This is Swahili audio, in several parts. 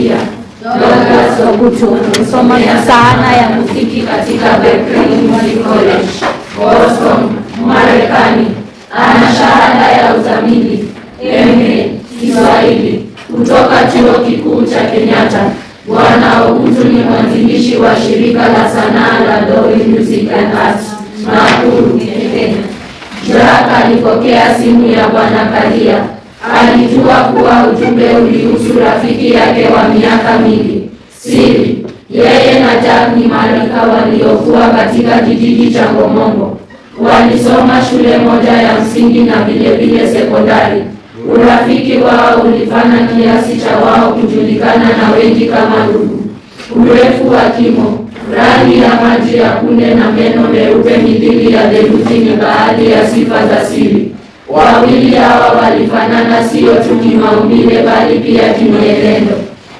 India. Douglas Ogutu amesoma sana ya muziki katika Berklee College, Boston, Marekani. Ana shahada ya uzamili MA Kiswahili kutoka Chuo Kikuu cha Kenyatta. Bwana Ogutu ni mwanzilishi wa shirika la sanaa la Dori Music and Arts Nakuru, Kenya. Jack alipokea simu ya Bwana Kalia alijua kuwa ujumbe ulihusu rafiki yake wa miaka mingi siri. Yeye na Jack ni marika waliokuwa katika kijiji cha Ngomongo, walisoma shule moja ya msingi na vilevile sekondari. Urafiki wao ulifana kiasi cha wao kujulikana na wengi kama ndugu. Urefu wa kimo, rangi ya maji ya kunde na meno meupe mithili ya theluji ni baadhi ya sifa za siri Wawili hawa walifanana sio tu kimaumbile, bali pia kimwenendo.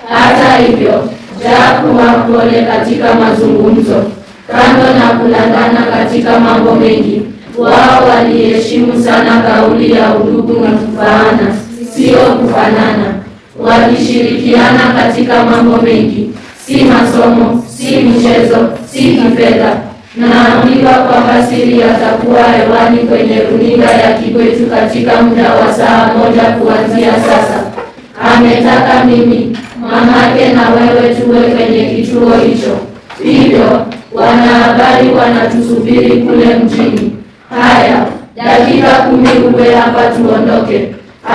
Hata hivyo, Jaku wapole katika mazungumzo. Kando na kulangana katika mambo mengi, wao waliheshimu sana kauli ya udugu na kufaana, sio kufanana. Walishirikiana katika mambo mengi, si masomo, si michezo, si kifedha naandika kwa hasiri yatakuwa hewani kwenye runinga ya Kikwetu katika muda wa saa moja kuanzia sasa. Ametaka mimi mamake na wewe tuwe kwenye kituo hicho, hivyo wanahabari wanatusubiri kule mjini. Haya, dakika kumi uwe hapa tuondoke,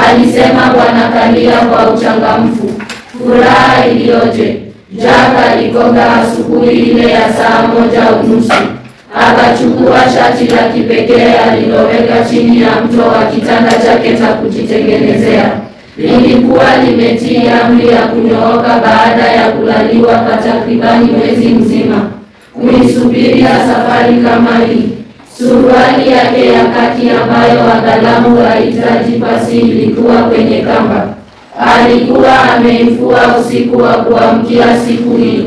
alisema Bwana Kalia kwa uchangamfu. Furaha iliyoje! Jaka aligonga asubuhi ile ya saa moja unusu akachukua shati la kipekee aliloweka chini ya mto wa kitanda chake cha kujitengenezea. Lilikuwa limetii amri ya kunyooka baada ya kulaliwa kwa takribani mwezi mzima kuisubiria safari kama hii. Suruali yake ya kaki ambayo wadhalamu wahitaji pasi ilikuwa kwenye kamba. Alikuwa ameifua usiku wa kuamkia siku hiyo,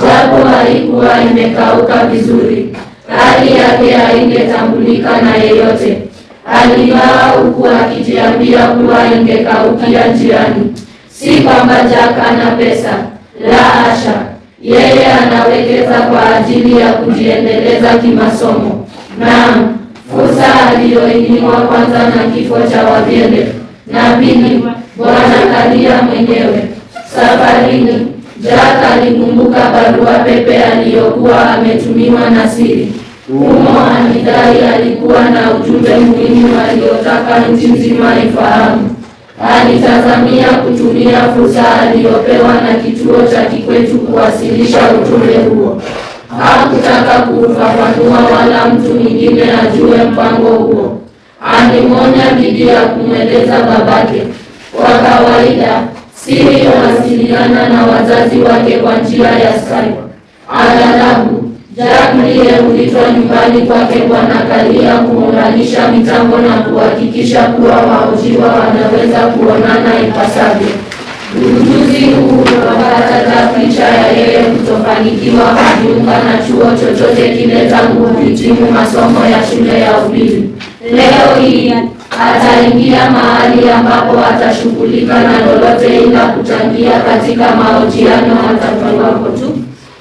japo haikuwa imekauka vizuri hali yake haingetambulika na yeyote. Alilaa huku akijiambia kuwa ingekaukia njiani. Si kwamba Jack ana pesa, la hasha, yeye anawekeza kwa ajili ya kujiendeleza kimasomo. Naam, fursa aliyoingiwa kwanza na kifo cha Wavyele, na pili Bwana Kalia mwenyewe safarini Jack alikumbuka barua pepe aliyokuwa ametumiwa na Siri. Humo alidai alikuwa na ujumbe muhimu aliyotaka nchi nzima ifahamu. Alitazamia kutumia fursa aliyopewa na kituo cha Kikwetu kuwasilisha ujumbe huo. Hakutaka kuufafanua wala mtu mwingine ajue mpango huo. Alimwonya dhidi ya kumweleza babake. Kwa kawaida wasiliana na wazazi wake kwa njia ya Skype. Aghalabu Jack huitwa nyumbani kwake Kalia kuunganisha mitambo na kuhakikisha kuwa wahojiwa wanaweza kuonana ipasavyo. Ujuzi huu unapata Jack licha ya yeye kutofanikiwa kujiunga na chuo chochote kile tangu kuhitimu masomo ya shule ya upili. Leo hii ataingia mahali ambapo atashughulika na lolote ila kuchangia katika mahojiano atakuwapo tu.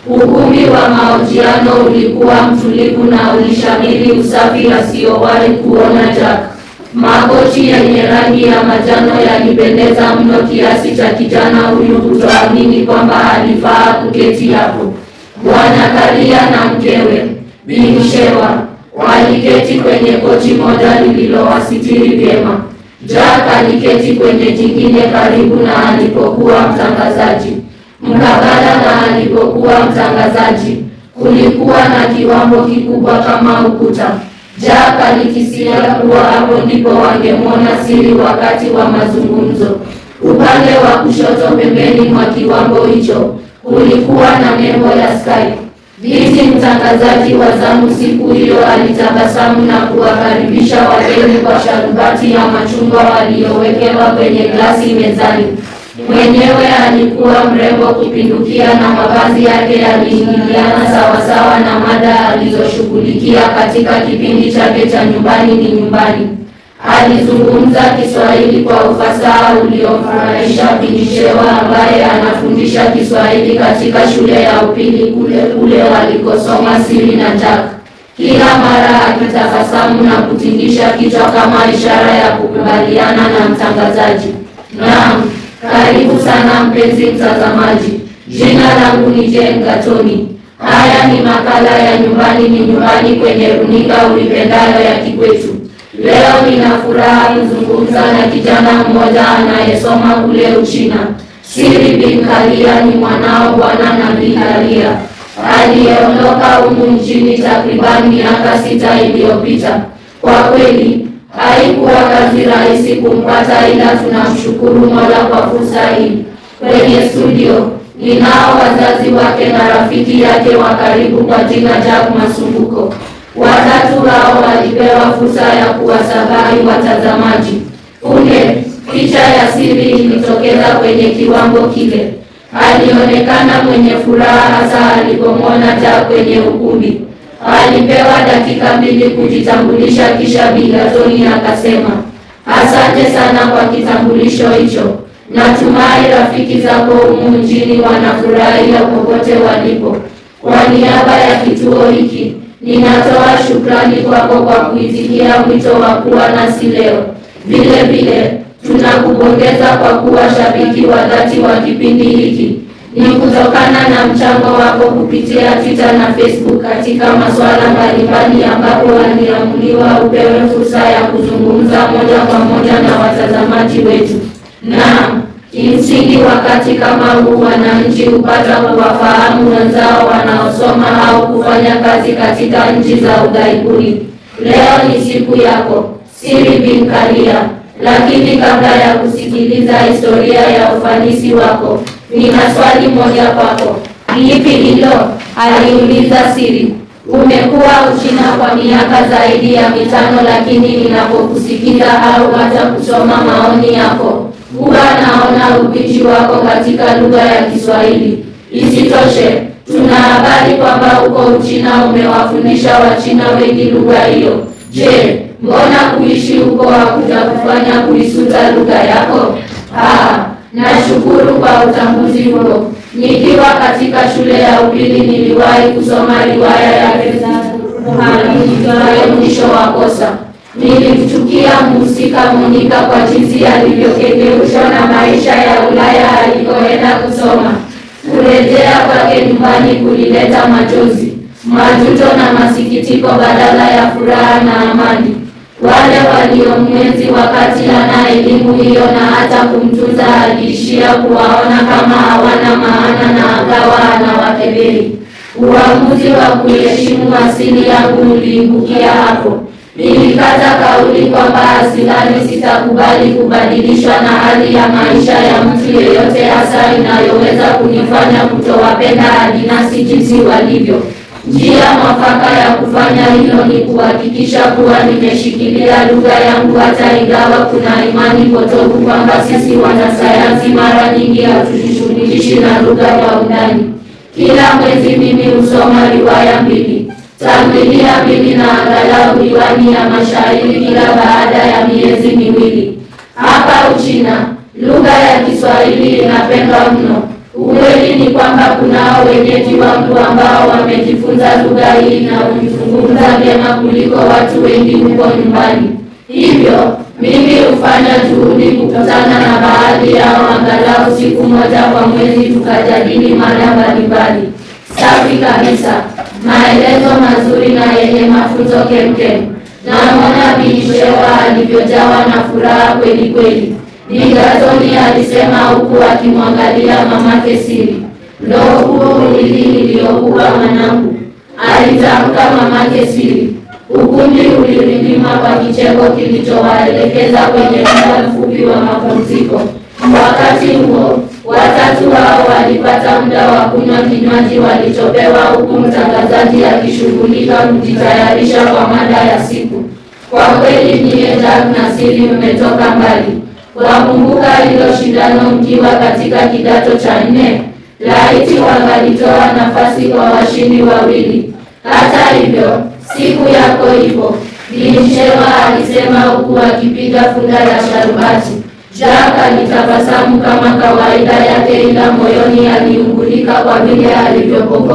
Ukumbi wa mahojiano ulikuwa mtulivu na ulishamiri usafi asiyowahi kuona Jack. Makochi yenye rangi ya majano yalipendeza mno kiasi cha kijana huyu kutoamini kwamba alifaa kuketi hapo. Bwana Kalia na mkewe Binshewa waliketi kwenye kochi moja lililowasitiri vyema. Jack aliketi kwenye jingine karibu na alipokuwa mtangazaji, mkabala na alipokuwa mtangazaji. Kulikuwa na kiwambo kikubwa kama ukuta. Jack alikisia kuwa hapo ndipo wangemwona siri wakati wa mazungumzo. Upande wa kushoto pembeni mwa kiwambo hicho kulikuwa na nembo ya Skype. Binti mtangazaji wa zamu siku hiyo alitabasamu na kuwakaribisha wageni kwa sharubati ya machungwa waliyowekewa kwenye glasi mezani. Mwenyewe alikuwa mrembo kupindukia na mavazi yake yaliingiliana sawasawa na mada alizoshughulikia katika kipindi chake cha Nyumbani ni Nyumbani. Alizungumza Kiswahili kwa ufasaha uliofurahisha binishewa ambaye anafundisha Kiswahili katika shule ya upili kule kule walikosoma siri na Jack, kila mara akitabasamu na kutingisha kichwa kama ishara ya kukubaliana na mtangazaji. Naam, karibu sana mpenzi mtazamaji. Jina langu ni Jane Gatoni. Haya ni makala ya Nyumbani ni Nyumbani kwenye runinga uipendayo ya Kikwetu. Leo nina furaha kuzungumza na kijana mmoja anayesoma kule Uchina. Siri bin Kalia ni mwanao Bwana na Kalia aliyeondoka humu nchini takriban miaka sita iliyopita. Kwa kweli haikuwa kazi rahisi kumpata, ila tunamshukuru Mola kwa fursa hii. Kwenye studio ninao wazazi wake na rafiki yake wa karibu katika Jack Masumbuko. Watatu hao walipewa fursa ya kuwasabahi watazamaji. Punde picha ya siri ilitokeza kwenye kiwango kile. Alionekana mwenye furaha hasa alipomwona taa kwenye ukumbi. Alipewa dakika mbili kujitambulisha, kisha Bigatoni akasema, asante sana kwa kitambulisho hicho. Natumai rafiki zako humu nchini wanafurahia popote walipo. Kwa niaba ya kituo hiki Ninatoa shukrani kwako kwa kuitikia wito wa kuwa nasi leo. Vile vile tunakupongeza kwa kuwa shabiki wa dhati wa kipindi hiki. Ni kutokana na mchango wako kupitia Twitter na Facebook katika masuala mbalimbali, ambapo waliamuliwa upewe fursa ya kuzungumza moja kwa moja na watazamaji wetu. Naam. Kimsingi, wakati kama huu, wananchi hupata kuwafahamu wenzao wanaosoma au kufanya kazi katika nchi za ughaibuni. Leo ni siku yako Siri bin Lakini kabla ya kusikiliza historia ya ufanisi wako, nina swali moja kwako. Lipi hilo? aliuliza Siri. Umekuwa Uchina kwa miaka zaidi ya mitano, lakini ninapokusikiza au hata kusoma maoni yako huwa naona ubiji wako katika lugha ya Kiswahili. Isitoshe, tuna habari kwamba uko Uchina umewafundisha Wachina wengi lugha hiyo. Je, mbona kuishi huko kufanya kuisuta lugha yako? Ah, nashukuru kwa utambuzi huo. Nikiwa katika shule ya upili niliwahi kusoma riwaya ya Muhammad mwisho wa kosa Nilimchukia mhusika Monika kwa jinsi alivyokengerushwa na maisha ya Ulaya alikoenda kusoma. Kurejea kwake nyumbani kulileta machozi, majuto na masikitiko badala ya furaha na amani. Wale waliomwenzi wakati ana elimu hiyo na hata kumtunza, aliishia kuwaona kama hawana maana na akawa anawakebeli. Uamuzi wa kuheshimu asili yangu uliingukia hapo. Nilikata kauli kwamba asilani sitakubali kubadilishwa na hali ya maisha ya mtu yeyote, hasa inayoweza kunifanya kutowapenda adinasi jinsi walivyo. Njia mwafaka ya kufanya hilo ni kuhakikisha kuwa nimeshikilia lugha yangu, hata ingawa kuna imani potofu kwamba sisi wanasayansi mara nyingi hatujishughulishi na lugha kwa undani. Kila mwezi mimi husoma riwaya mbili Tamthilia mimi na angalau diwani ya mashairi kila baada ya miezi miwili. Hapa Uchina lugha ya Kiswahili inapendwa mno. Ukweli ni kwamba kunao wenyeji wangu ambao wamejifunza lugha hii na kuizungumza vyema kuliko watu wengi huko nyumbani. Hivyo mimi hufanya juhudi kukutana na baadhi yao angalau siku moja kwa mwezi, tukajadili mada mbalimbali. Safi kabisa maelezo mazuri na yenye mafunzo kemkem. Namwona Biishewa alivyojawa na furaha kweli kweli. Bigazoni alisema huku akimwangalia mamake Siri. Ndo huo ulili niliyokuwa mwanangu, alitamka mamake Siri. Ukumbi ulirindima kwa kicheko kilichowaelekeza kwenye muda mfupi wa mapumziko. Wakati huo Watatu hao walipata muda wa kunywa kinywaji walichopewa, huku mtangazaji akishughulika kujitayarisha kwa mada ya siku. Kwa kweli nyie Jack na Siri mmetoka mbali. Wakumbuka hilo shindano mkiwa katika kidato cha nne? Laiti wangalitoa nafasi kwa washindi wawili. Hata hivyo siku yako ipo, Bi alisema huku akipiga funda ya sharubati. Jack alitabasamu kama kawaida yake ila moyoni aliungulika kwa vile alivyopokonywa